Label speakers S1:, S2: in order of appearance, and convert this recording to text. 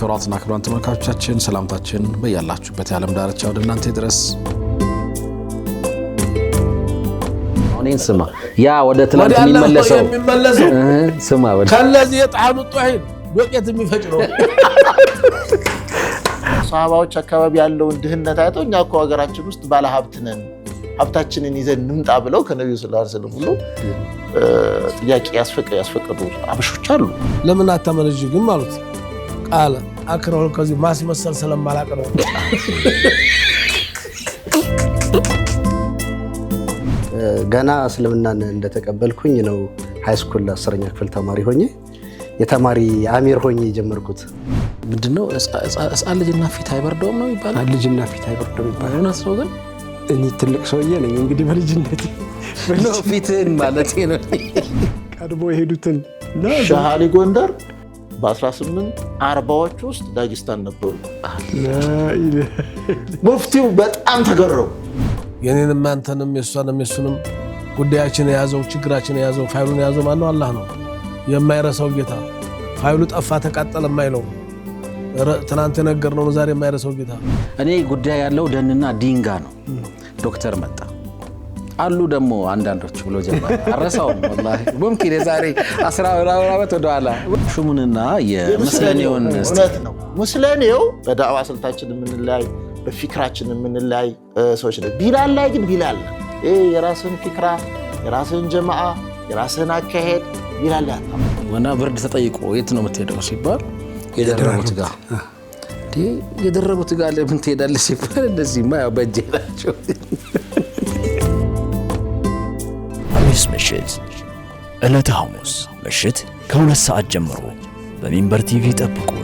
S1: ክቡራትና ክቡራን ተመልካቾቻችን ሰላምታችን በያላችሁበት የዓለም ዳርቻ ወደ እናንተ ድረስ።
S2: እኔን ስማ፣ ያ ወደ ትናንት የሚመለሰው ስማ፣
S3: ከለዚህ የጣኑ ጦሒን ዶቄት የሚፈጭ
S4: ሰሃባዎች አካባቢ ያለውን ድህነት አይተው እኛ እኮ ሀገራችን ውስጥ ባለ ሀብት ነን ሀብታችንን ይዘን እንምጣ ብለው ከነቢዩ ስለ ስለም ሁሉ ጥያቄ ያስፈቀዱ አበሾች አሉ።
S3: ለምን አታመነጅግም አሉት። ቃል አክረውን ከዚህ ማስመሰል ስለማላቅ ነው።
S5: ገና እስልምናን እንደተቀበልኩኝ ነው ሃይስኩል አስረኛ ክፍል ተማሪ ሆኜ የተማሪ አሚር ሆኜ የጀመርኩት
S6: ምንድነው፣ ህፃን ልጅና ፊት አይበርደውም ነው ይባላል።
S7: ልጅና ፊት አይበርደውም ይባላል።
S6: እውነት ነው። ግን እኔ ትልቅ ሰውዬ ነኝ እንግዲህ በልጅነት ፊትህን ማለት ነው
S3: ቀድሞ የሄዱትን ሻሃሊ ጎንደር
S4: በ18 አርባዎች ውስጥ ዳጊስታን ነበሩ። ሙፍቲው በጣም ተገረው።
S3: የኔንም አንተንም የእሷንም የሱንም ጉዳያችን የያዘው ችግራችን የያዘው ፋይሉን የያዘው ነው? አላህ ነው የማይረሳው ጌታ። ፋይሉ ጠፋ ተቃጠለ የማይለው ትናንት ነው ዛሬ የማይረሳው ጌታ።
S8: እኔ ጉዳይ ያለው ደንና ዲንጋ ነው። ዶክተር መጣ አሉ ደግሞ አንዳንዶች ብሎ ጀመረ። አረሳውም ወላሂ ሙምኪን የዛሬ አስራ ምናምን ዓመት ወደኋላ ሹሙንና የምስለኔውን እውነት
S4: ነው። ምስለኔው በዳዕዋ ስልታችን የምንለያይ በፊክራችን የምንለያይ ሰዎች ነው። ቢላል ላይ ግን ቢላል የራስህን ፊክራ የራስህን ጀማዓ የራስህን አካሄድ ቢላል ላይ
S8: አታ እና ብርድ ተጠይቆ የት ነው የምትሄደው ሲባል የደረቡት ጋር የደረቡት ጋር ለምን ትሄዳለህ ሲባል እንደዚህማ ያው በእጄ ናቸው
S9: አዲስ ምሽት ዕለተ ሐሙስ ምሽት ከሁለት ሰዓት ጀምሮ በሚንበር ቲቪ ጠብቁ።